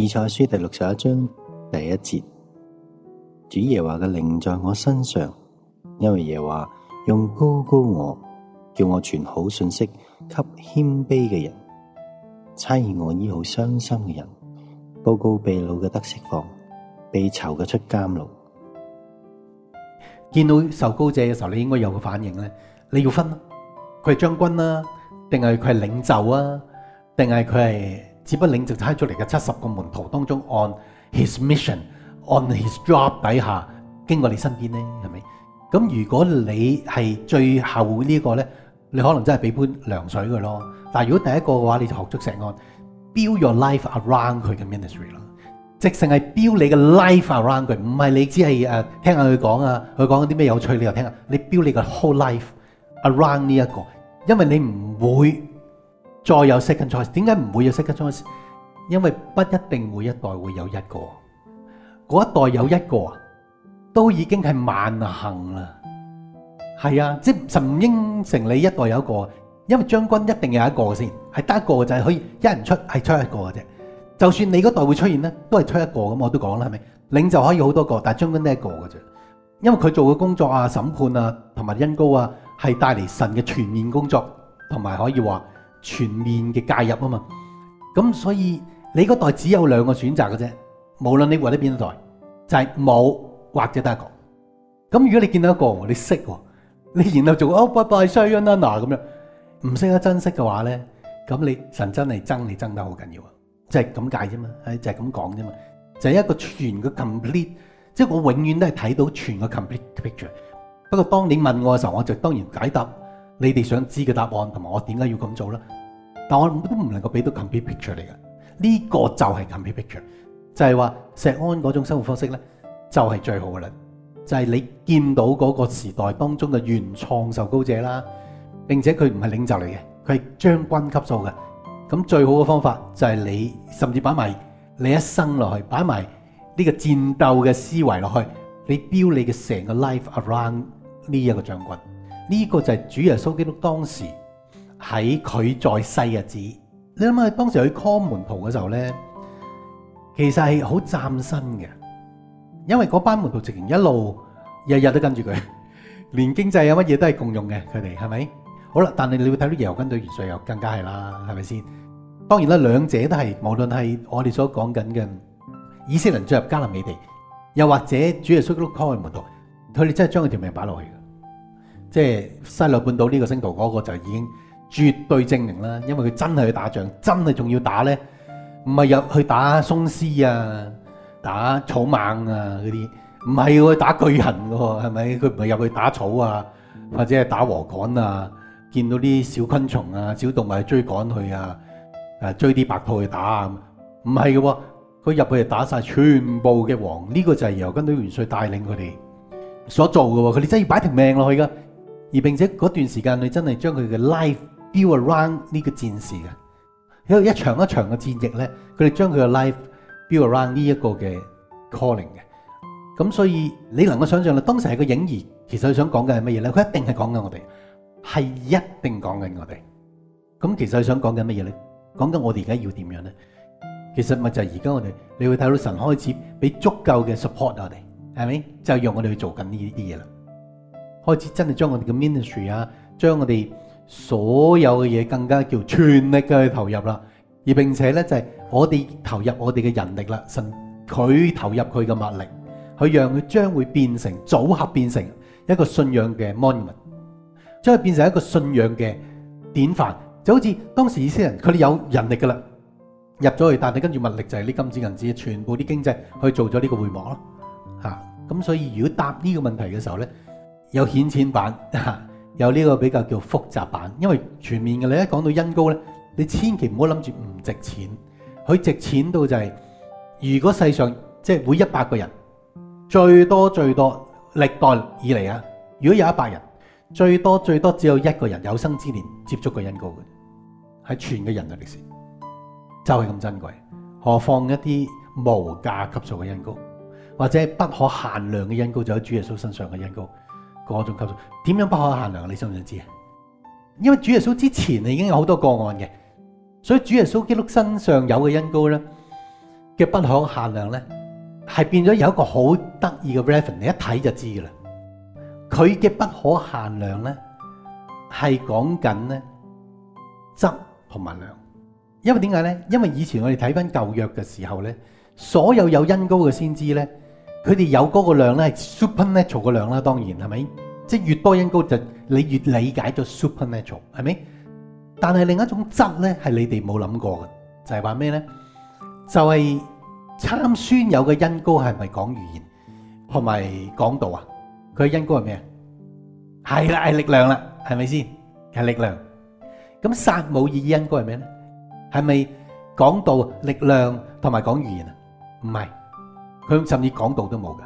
以賽亞書第六十一章第一節，主耶和華嘅靈在我身上，因為耶和華用膏膏我，叫我傳好信息給謙卑嘅人，差遣我醫好傷心嘅人，報告被擄嘅得釋放，被囚嘅出監牢。見到受膏者嘅時候，你應該有個反應咧，你要分，佢係將軍啊，定係佢係領袖啊，定係佢係。只不領就差出嚟嘅七十個門徒當中，on his mission，on his job 底下經過你身邊呢？係咪？咁如果你係最後呢個呢，你可能真係俾杯涼水佢咯。但係如果第一個嘅話，你就學足成案 build your life around 佢嘅 ministry 啦。直成係 build 你嘅 life around 佢，唔係你只係誒聽下佢講啊，佢講啲咩有趣你就聽下。你 build 你嘅 whole life around 呢一個，因為你唔會。再有 second choice，點解唔會有 second choice？因為不一定每一代會有一個，嗰一代有一個啊，都已經係萬幸啦。係啊，即係神應承你一代有一個，因為將軍一定有一個先係得一個，就係、是、可以一人出係出一個嘅啫。就算你嗰代會出現呢，都係出一個咁，我都講啦，係咪領袖可以好多個，但係將軍得一個嘅啫。因為佢做嘅工作啊、審判啊同埋恩膏啊，係帶嚟神嘅全面工作，同埋可以話。全面嘅介入啊嘛，咁所以你嗰代只有兩個選擇嘅啫，無論你活喺邊一代，就係、是、冇或者得一個。咁如果你見到一個，你識喎，你然後做：「哦，拜拜，Sayonara」啊咁樣，唔識得珍惜嘅話咧，咁你神真係憎你憎得好緊要啊，就係咁解啫嘛，喺就係咁講啫嘛，就係、是就是、一個全嘅 complete，即係我永遠都係睇到全嘅 complete picture。不過當你問我嘅時候，我就當然解答。你哋想知嘅答案同埋我點解要咁做呢？但我都唔能夠俾到 complete picture 嚟嘅。呢個就係 complete picture，就係話石安嗰種生活方式呢，就係最好嘅啦。就係你見到嗰個時代當中嘅原創受膏者啦，並且佢唔係領袖嚟嘅，佢係將軍級數嘅。咁最好嘅方法就係你甚至擺埋你一生落去，擺埋呢個戰鬥嘅思維落去，你 build 你嘅成個 life around 呢一個將軍。呢個就係主耶穌基督當時喺佢在世日子，你諗下，當時佢 call 門徒嘅時候咧，其實係好斬身嘅，因為嗰班門徒直情一路日日都跟住佢，連經濟有乜嘢都係共用嘅，佢哋係咪？好啦，但係你會睇到耶和華軍隊元帥又更加係啦，係咪先？當然啦，兩者都係無論係我哋所講緊嘅以色列進入迦南美地，又或者主耶穌基督 call 門徒，佢哋真係將佢條命擺落去。即係西奈半島呢個星圖嗰個就已經絕對證明啦，因為佢真係去打仗，真係仲要打咧。唔係入去打松獅啊，打草蜢啊嗰啲，唔係去打巨人嘅喎，係咪？佢唔係入去打草啊，或者係打禾杆啊，見到啲小昆蟲啊、小動物去追趕佢啊，誒追啲白兔去打、啊，唔係嘅喎，佢入去打晒全部嘅王。呢、呢個就係由軍隊元帥帶領佢哋所做嘅喎、啊，佢哋真係要擺條命落去噶。而並且嗰段時間，你真係將佢嘅 life build around 呢個戰士嘅，喺度一場一場嘅戰役咧，佢哋將佢嘅 life build around 呢一個嘅 calling 嘅。咁所以你能夠想象啦，當時係個影兒，其實佢想講緊係乜嘢咧？佢一定係講緊我哋，係一定講緊我哋。咁其實佢想講緊乜嘢咧？講緊我哋而家要點樣咧？其實咪就係而家我哋，你會睇到神開始俾足夠嘅 support 我哋，係咪？就讓我哋去做緊呢啲嘢啦。開始真係將我哋嘅 ministry 啊，將我哋所有嘅嘢更加叫全力嘅去投入啦，而並且呢，就係、是、我哋投入我哋嘅人力啦，神佢投入佢嘅物力，佢讓佢將會變成組合變成一個信仰嘅 monument，n u 將佢變成一個信仰嘅典範，就好似當時以色列人佢哋有人力噶啦，入咗去，但係跟住物力就係啲金子銀子，全部啲經濟去做咗呢個會幕咯，咁、啊、所以如果答呢個問題嘅時候呢。有顯淺版，有呢個比較叫複雜版。因為全面嘅你一講到恩膏咧，你千祈唔好諗住唔值錢。佢值錢到就係、是，如果世上即係每一百個人最多最多歷代以嚟啊，如果有一百人最多最多只有一個人有生之年接觸過恩膏嘅，喺全嘅人類歷史就係、是、咁珍貴。何況一啲無價級數嘅恩膏，或者不可限量嘅恩，恩膏，就喺主耶穌身上嘅恩膏。各種激點樣不可限量，你想唔想知啊？因為主耶穌之前啊已經有好多個案嘅，所以主耶穌基督身上有嘅恩膏咧嘅不可限量咧，係變咗有一個好得意嘅 reference，你一睇，就知噶啦。佢嘅不可限量咧係講緊咧質同埋量，因為點解咧？因為以前我哋睇翻舊約嘅時候咧，所有有恩膏嘅先知咧。佢哋有嗰個量咧，係 supernatural 個量啦，當然係咪？即係越多恩膏，就你越理解咗 supernatural，係咪？但係另一種質咧，係你哋冇諗過嘅，就係話咩咧？就係參孫有嘅恩膏係咪講語言同埋講道啊？佢嘅恩膏係咩啊？係啦，係力量啦，係咪先？係力量。咁撒母耳嘅恩膏係咩咧？係咪講道、力量同埋講語言啊？唔係。佢甚至講道都冇噶，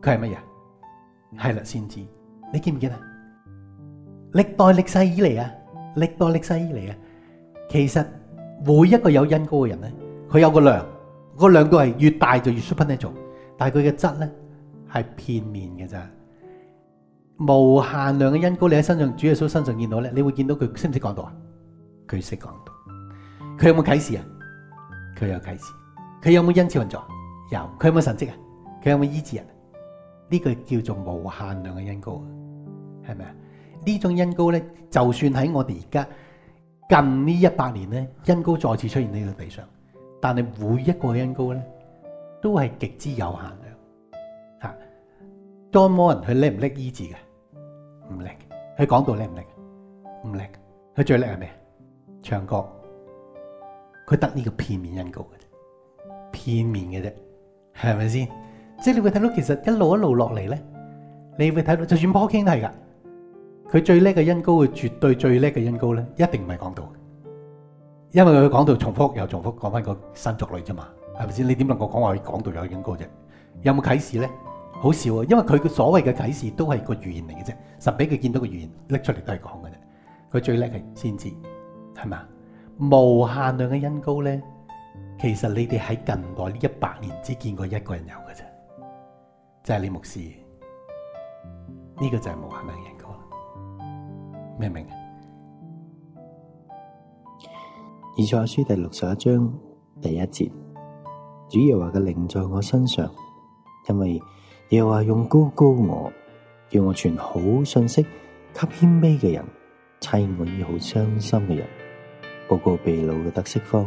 佢係乜嘢？係啦，先知。你見唔見啊？歷代歷世以嚟啊，歷代歷世以嚟啊，其實每一個有恩膏嘅人咧，佢有個量，嗰個量都係越大就越 supernatural，但係佢嘅質咧係片面嘅咋，無限量嘅恩膏你喺身上，主耶穌身上見到咧，你會見到佢識唔識講道啊？佢識講道，佢有冇啟示啊？佢有啟示，佢有冇恩賜運作？有佢有冇神蹟啊？佢有冇醫治人啊？呢個叫做無限量嘅恩膏，係咪啊？呢種恩膏咧，就算喺我哋而家近呢一百年咧，恩膏再次出現呢個地上，但係每一個恩膏咧，都係極之有限量。吓，John Moore 佢叻唔叻醫治嘅？唔叻。佢講道叻唔叻？唔叻。佢最叻係咩？唱歌。佢得呢個片面恩膏嘅啫，片面嘅啫。係咪先？即係你會睇到，其實一路一路落嚟咧，你會睇到，就算保羅都係噶，佢最叻嘅恩膏，佢絕對最叻嘅恩膏咧，一定唔係講到，因為佢講到重複又重複講翻個新作例啫嘛，係咪先？你點能夠講話佢講到有恩膏啫？有冇啟示咧？好少啊，因為佢嘅所謂嘅啟示都係個預言嚟嘅啫，神俾佢見到個預言拎出嚟都係講嘅啫，佢最叻係先知，係咪？無限量嘅恩膏咧？其實你哋喺近代呢一百年只見過一個人有嘅啫，就係、是、李牧師，呢、這個就係無限能人個。咩名啊？以賽亞書第六十一章第一節，主耶和華嘅靈在我身上，因為耶和華用膏膏我，叫我傳好信息，給謙卑嘅人，差遣我醫好傷心嘅人，報告被擄嘅得釋放。